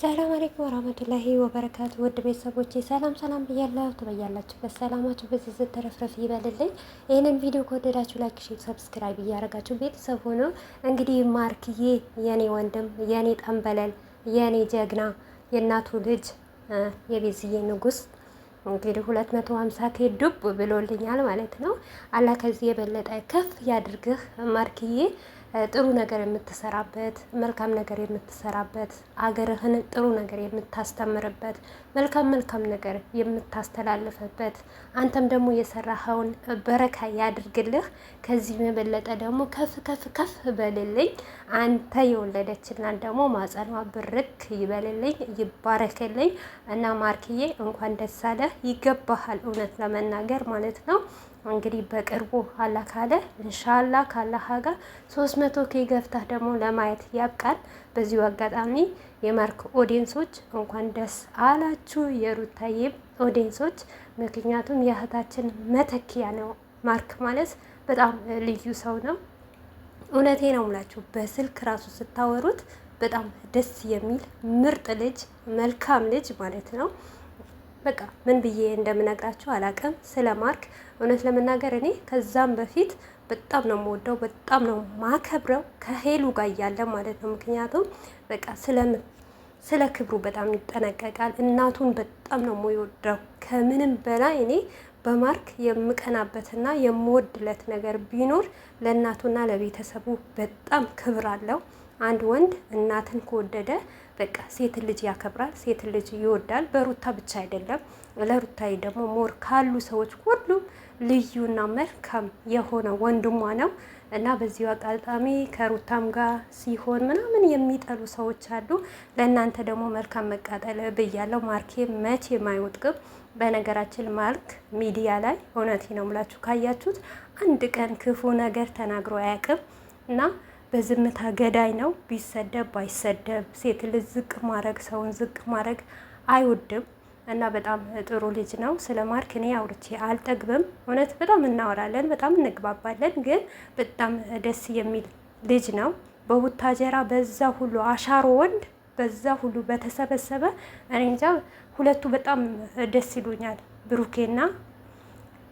ሰላም አለይኩም ወራህመቱላሂ ወበረካቱ ውድ ቤተሰቦቼ ሰላም ሰላም ብያለሁ። ትበያላችሁበት ሰላማችሁ በዝዝት ተረፍረፍ ይበልልኝ። ይህንን ቪዲዮ ከወደዳችሁ ላይክ፣ ሼር፣ ሰብስክራይብ እያደረጋችሁ ቤተሰብ ሆኖ እንግዲህ ማርክዬ የኔ ወንድም የኔ ጠንበለል የኔ ጀግና የእናቱ ልጅ የቤዝዬ ንጉስ እንግዲህ ሁለት መቶ ሀምሳ ኬ ዱብ ብሎልኛል ማለት ነው። አላህ ከዚህ የበለጠ ከፍ ያድርግህ ማርክዬ ጥሩ ነገር የምትሰራበት መልካም ነገር የምትሰራበት አገርህን ጥሩ ነገር የምታስተምርበት መልካም መልካም ነገር የምታስተላልፍበት አንተም ደግሞ የሰራኸውን በረካ ያድርግልህ። ከዚህ የበለጠ ደግሞ ከፍ ከፍ ከፍ በልልኝ። አንተ የወለደችና ደግሞ ማጸኗ ብርክ ይበልልኝ፣ ይባረክልኝ እና ማርክዬ እንኳን ደስ አለህ። ይገባሃል፣ እውነት ለመናገር ማለት ነው። እንግዲህ በቅርቡ አላ ካለ እንሻላ ካላህ ሀጋ ሶስት መቶ ኬ ገፍታህ ደግሞ ለማየት ያብቃል። በዚሁ አጋጣሚ የማርክ ኦዲየንሶች እንኳን ደስ አላችሁ፣ የሩታዬም ኦዲየንሶች። ምክንያቱም የእህታችን መተኪያ ነው ማርክ ማለት በጣም ልዩ ሰው ነው። እውነቴ ነው ሙላችሁ በስልክ ራሱ ስታወሩት በጣም ደስ የሚል ምርጥ ልጅ መልካም ልጅ ማለት ነው። በቃ ምን ብዬ እንደምነግራችሁ አላቅም ስለ ማርክ። እውነት ለመናገር እኔ ከዛም በፊት በጣም ነው የምወደው፣ በጣም ነው ማከብረው ከሄሉ ጋር እያለ ማለት ነው። ምክንያቱም በቃ ስለ ክብሩ በጣም ይጠነቀቃል። እናቱን በጣም ነው የምወደው ከምንም በላይ እኔ በማርክ የምቀናበትና የምወድለት ነገር ቢኖር ለእናቱና ለቤተሰቡ በጣም ክብር አለው። አንድ ወንድ እናትን ከወደደ በቃ ሴት ልጅ ያከብራል፣ ሴት ልጅ ይወዳል። በሩታ ብቻ አይደለም። ለሩታዬ ደግሞ ሞር ካሉ ሰዎች ሁሉ ልዩና መልካም የሆነ ወንድሟ ነው እና በዚሁ አጋጣሚ ከሩታም ጋር ሲሆን ምናምን የሚጠሉ ሰዎች አሉ። ለእናንተ ደግሞ መልካም መቃጠል ብያለው። ማርኬ መቼም አይወጥቅም። በነገራችን ማርክ ሚዲያ ላይ እውነቴ ነው ምላችሁ ካያችሁት አንድ ቀን ክፉ ነገር ተናግሮ አያውቅም እና በዝምታ ገዳይ ነው። ቢሰደብ ባይሰደብ ሴት ልጅ ዝቅ ማድረግ ሰውን ዝቅ ማድረግ አይወድም እና በጣም ጥሩ ልጅ ነው። ስለ ማርክ እኔ አውርቼ አልጠግብም። እውነት በጣም እናወራለን፣ በጣም እንግባባለን። ግን በጣም ደስ የሚል ልጅ ነው። በቡታጀራ በዛ ሁሉ አሻሮ ወንድ በዛ ሁሉ በተሰበሰበ እኔ እንጃ ሁለቱ በጣም ደስ ይሉኛል ብሩኬና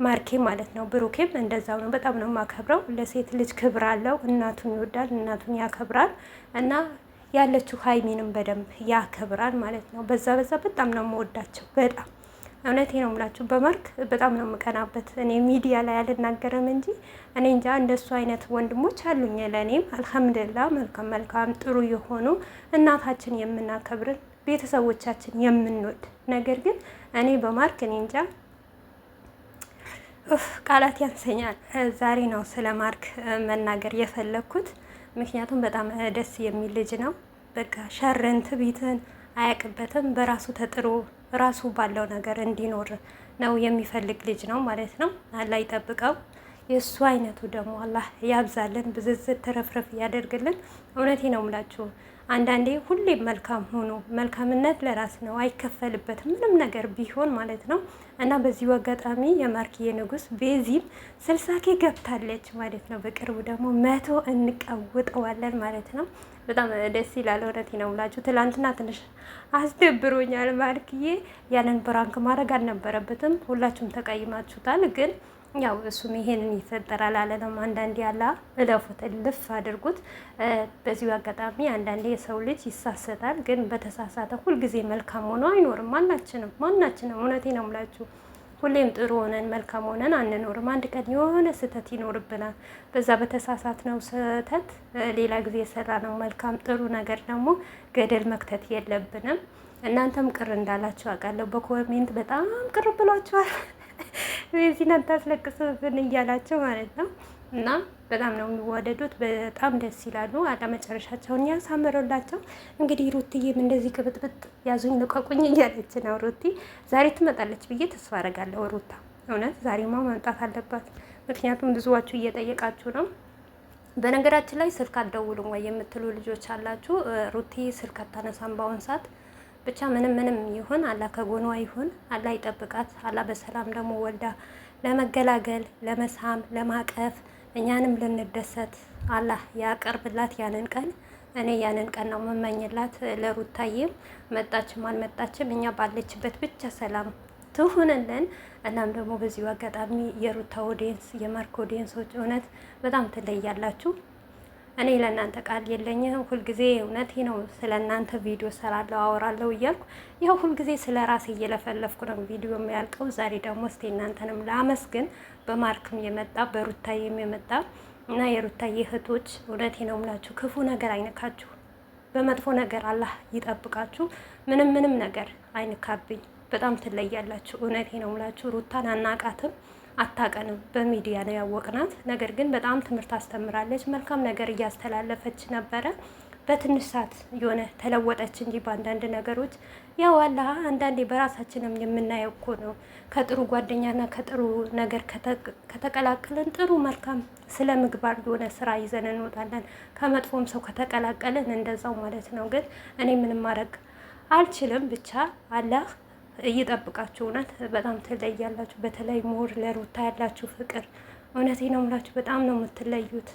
ማርኬ ማለት ነው። ብሩኬም እንደዛው ነው። በጣም ነው የማከብረው። ለሴት ልጅ ክብር አለው። እናቱን ይወዳል፣ እናቱን ያከብራል እና ያለችው ሀይሚንም በደንብ ያከብራል ማለት ነው። በዛ በዛ በጣም ነው የምወዳቸው። በጣም እውነቴ ነው የምላችሁ። በማርክ በጣም ነው የምቀናበት። እኔ ሚዲያ ላይ አልናገረም እንጂ እኔ እንጃ እንደሱ አይነት ወንድሞች አሉኝ። ለእኔም አልሐምድላ መልካም መልካም ጥሩ የሆኑ እናታችን የምናከብርን ቤተሰቦቻችን የምንወድ ነገር ግን እኔ በማርክ እኔ እንጃ ቃላት ያንሰኛል። ዛሬ ነው ስለ ማርክ መናገር የፈለግኩት፣ ምክንያቱም በጣም ደስ የሚል ልጅ ነው። በቃ ሸርን ትቢትን አያውቅበትም። በራሱ ተጥሮ ራሱ ባለው ነገር እንዲኖር ነው የሚፈልግ ልጅ ነው ማለት ነው። አላህ ይጠብቀው። የእሱ አይነቱ ደግሞ አላህ ያብዛልን፣ ብዝዝት ተረፍረፍ እያደርግልን። እውነቴ ነው ምላችሁ አንዳንዴ ሁሌም መልካም ሆኖ መልካምነት ለራስ ነው፣ አይከፈልበትም ምንም ነገር ቢሆን ማለት ነው። እና በዚሁ አጋጣሚ የማርክዬ ንጉስ ቤዚም ስልሳኬ ገብታለች ማለት ነው። በቅርቡ ደግሞ መቶ እንቀውጠዋለን ማለት ነው። በጣም ደስ ይላል። እውነቴ ነው የምላችሁ። ትላንትና ትንሽ አስደብሮኛል። ማርክዬ ያንን ብራንክ ማድረግ አልነበረበትም። ሁላችሁም ተቀይማችሁታል ግን ያው እሱም ይሄንን ይፈጠራል አለ ነው። አንዳንዴ ያላ እለፉት ልፍ አድርጉት። በዚሁ አጋጣሚ አንዳንዴ የሰው ልጅ ይሳሰታል፣ ግን በተሳሳተ ሁልጊዜ መልካም ሆኖ አይኖርም። ማናችንም ማናችንም እውነቴ ነው የምላችሁ ሁሌም ጥሩ ሆነን መልካም ሆነን አንኖርም። አንድ ቀን የሆነ ስህተት ይኖርብናል። በዛ በተሳሳት ነው ስህተት ሌላ ጊዜ የሰራ ነው መልካም ጥሩ ነገር ደግሞ ገደል መክተት የለብንም። እናንተም ቅር እንዳላችሁ አውቃለሁ። በኮሜንት በጣም ቅር ብሏችኋል። ቤዚን አታስለቅስብን እያላቸው ማለት ነው። እና በጣም ነው የሚዋደዱት፣ በጣም ደስ ይላሉ። አለመጨረሻቸውን ያሳምረላቸው። እንግዲህ ሩትዬም እንደዚህ ቅብጥብጥ ያዙኝ ልቀቁኝ እያለች ነው። ሩቲ ዛሬ ትመጣለች ብዬ ተስፋ አደርጋለሁ። ሩታ እውነት ዛሬማ መምጣት አለባት። ምክንያቱም ብዙዋችሁ እየጠየቃችሁ ነው። በነገራችን ላይ ስልክ አትደውሉም ወይ የምትሉ ልጆች አላችሁ። ሩቲ ስልክ አታነሳም በአሁን ሰዓት ብቻ ምንም ምንም ይሁን አላህ ከጎኗ ይሁን፣ አላህ ይጠብቃት። አላህ በሰላም ደግሞ ወልዳ ለመገላገል ለመሳም ለማቀፍ እኛንም ልንደሰት አላህ ያቀርብላት ያንን ቀን። እኔ ያንን ቀን ነው የምመኝላት። ለሩታዬም መጣችም አልመጣችም እኛ ባለችበት ብቻ ሰላም ትሁንልን። እናም ደግሞ በዚሁ አጋጣሚ የሩታ ኦዲየንስ የማርክ ኦዲየንሶች እውነት በጣም ትለያላችሁ። እኔ ለእናንተ ቃል የለኝም። ሁልጊዜ እውነት ነው ስለ እናንተ ቪዲዮ ሰራለሁ አወራለሁ እያልኩ ይኸው ሁልጊዜ ስለ ራሴ እየለፈለፍኩ ነው ቪዲዮ የሚያልቀው። ዛሬ ደግሞ እስቲ እናንተንም ላመስግን። በማርክም የመጣ በሩታዬም የመጣ እና የሩታዬ እህቶች እውነቴ ነው የምላችሁ ክፉ ነገር አይነካችሁ፣ በመጥፎ ነገር አላህ ይጠብቃችሁ። ምንም ምንም ነገር አይንካብኝ። በጣም ትለያላችሁ። እውነቴ ነው የምላችሁ ሩታን አናቃትም። አታቀንም፣ በሚዲያ ነው ያወቅናት። ነገር ግን በጣም ትምህርት አስተምራለች፣ መልካም ነገር እያስተላለፈች ነበረ። በትንሽ ሰዓት የሆነ ተለወጠች እንጂ በአንዳንድ ነገሮች ያው አለ። አንዳንዴ በራሳችንም የምናየው እኮ ነው። ከጥሩ ጓደኛና ከጥሩ ነገር ከተቀላቀለን ጥሩ መልካም ስለ ምግባር የሆነ ስራ ይዘን እንወጣለን። ከመጥፎም ሰው ከተቀላቀለን እንደዛው ማለት ነው። ግን እኔ ምንም ማድረግ አልችልም። ብቻ አላህ እይጠብቃችሁ። እውነት በጣም ትለያላችሁ። በተለይ ሞር ለሩታ ያላችሁ ፍቅር እውነቴ ነው ምላችሁ በጣም ነው የምትለዩት።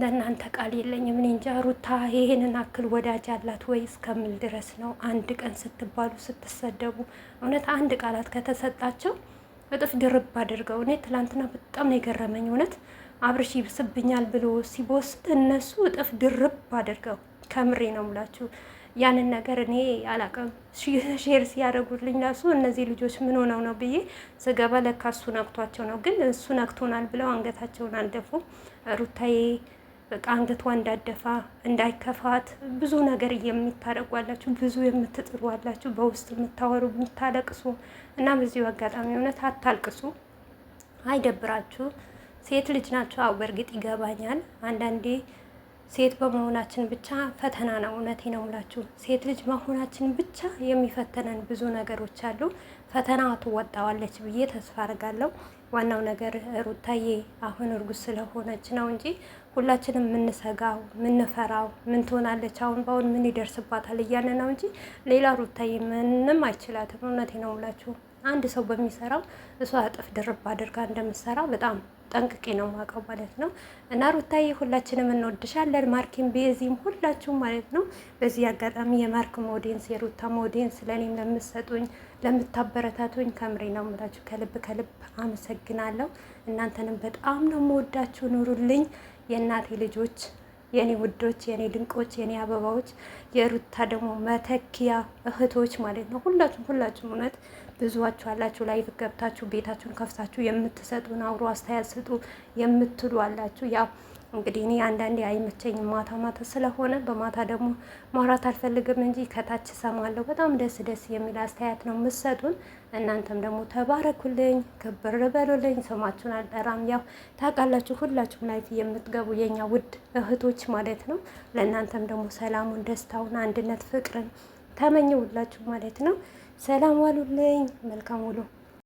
ለእናንተ ቃል የለኝም። እኔ እንጃ ሩታ ይሄንን አክል ወዳጅ አላት ወይ እስከምል ድረስ ነው። አንድ ቀን ስትባሉ ስትሰደቡ፣ እውነት አንድ ቃላት ከተሰጣቸው እጥፍ ድርብ አድርገው። እኔ ትላንትና በጣም ነው የገረመኝ እውነት አብርሽ ይብስብኛል ብሎ ሲቦስት እነሱ እጥፍ ድርብ አድርገው ከምሬ ነው ምላችሁ ያንን ነገር እኔ አላቀም ሼር ሲያደርጉልኝ ለሱ እነዚህ ልጆች ምን ሆነው ነው ብዬ ስገባ ለካ እሱ ነክቷቸው ነው። ግን እሱ ነክቶናል ብለው አንገታቸውን አልደፉም። ሩታዬ በቃ አንገቷ እንዳደፋ እንዳይከፋት ብዙ ነገር የሚታረጓላችሁ ብዙ የምትጥሯላችሁ በውስጥ የምታወሩ የምታለቅሱ እና በዚሁ አጋጣሚ እውነት አታልቅሱ፣ አይደብራችሁ። ሴት ልጅ ናቸው። አው በእርግጥ ይገባኛል አንዳንዴ ሴት በመሆናችን ብቻ ፈተና ነው። እውነቴ ነው ምላችሁ ሴት ልጅ መሆናችን ብቻ የሚፈተነን ብዙ ነገሮች አሉ። ፈተና ትወጣዋለች ብዬ ተስፋ አርጋለሁ። ዋናው ነገር ሩታዬ አሁን እርጉዝ ስለሆነች ነው እንጂ ሁላችንም የምንሰጋው ምንፈራው ምን ትሆናለች አሁን በአሁን ምን ይደርስባታል እያለ ነው እንጂ ሌላ ሩታዬ ምንም አይችላትም። እውነቴ ነው ምላችሁ አንድ ሰው በሚሰራው እሷ እጥፍ ድርብ አድርጋ እንደምትሰራ በጣም ጠንቅቄ ነው የማውቀው ማለት ነው። እና ሩታዬ ሁላችንም እንወድሻለን፣ ማርኪን ቤዚም ሁላችሁም ማለት ነው። በዚህ አጋጣሚ የማርክ ሞዴንስ የሩታ ሞዴንስ ለእኔም ለምትሰጡኝ ለምታበረታቱኝ ከምሬ ነው የምላችሁ ከልብ ከልብ አመሰግናለሁ። እናንተንም በጣም ነው የምወዳችሁ። ኑሩልኝ የእናቴ ልጆች የኔ ውዶች የኔ ድንቆች የኔ አበባዎች የሩታ ደግሞ መተኪያ እህቶች ማለት ነው። ሁላችሁም ሁላችሁም እውነት ብዙዋችሁ አላችሁ። ላይ ገብታችሁ ቤታችሁን ከፍታችሁ የምትሰጡን አውሮ አስተያየት ስጡ የምትሉ አላችሁ። ያው እንግዲህ እኔ አንዳንዴ አይመቸኝም ማታ ማታ ስለሆነ በማታ ደግሞ ማውራት አልፈልግም እንጂ ከታች ሰማለሁ። በጣም ደስ ደስ የሚል አስተያየት ነው የምትሰጡን። እናንተም ደግሞ ተባረኩልኝ፣ ክብር በሉልኝ። ስማችሁን አልጠራም። ያው ታውቃላችሁ፣ ሁላችሁም ላይፍ የምትገቡ የኛ ውድ እህቶች ማለት ነው። ለእናንተም ደግሞ ሰላሙን፣ ደስታውን፣ አንድነት፣ ፍቅርን ተመኘውላችሁ ማለት ነው። ሰላም ዋሉልኝ። መልካም ውሎ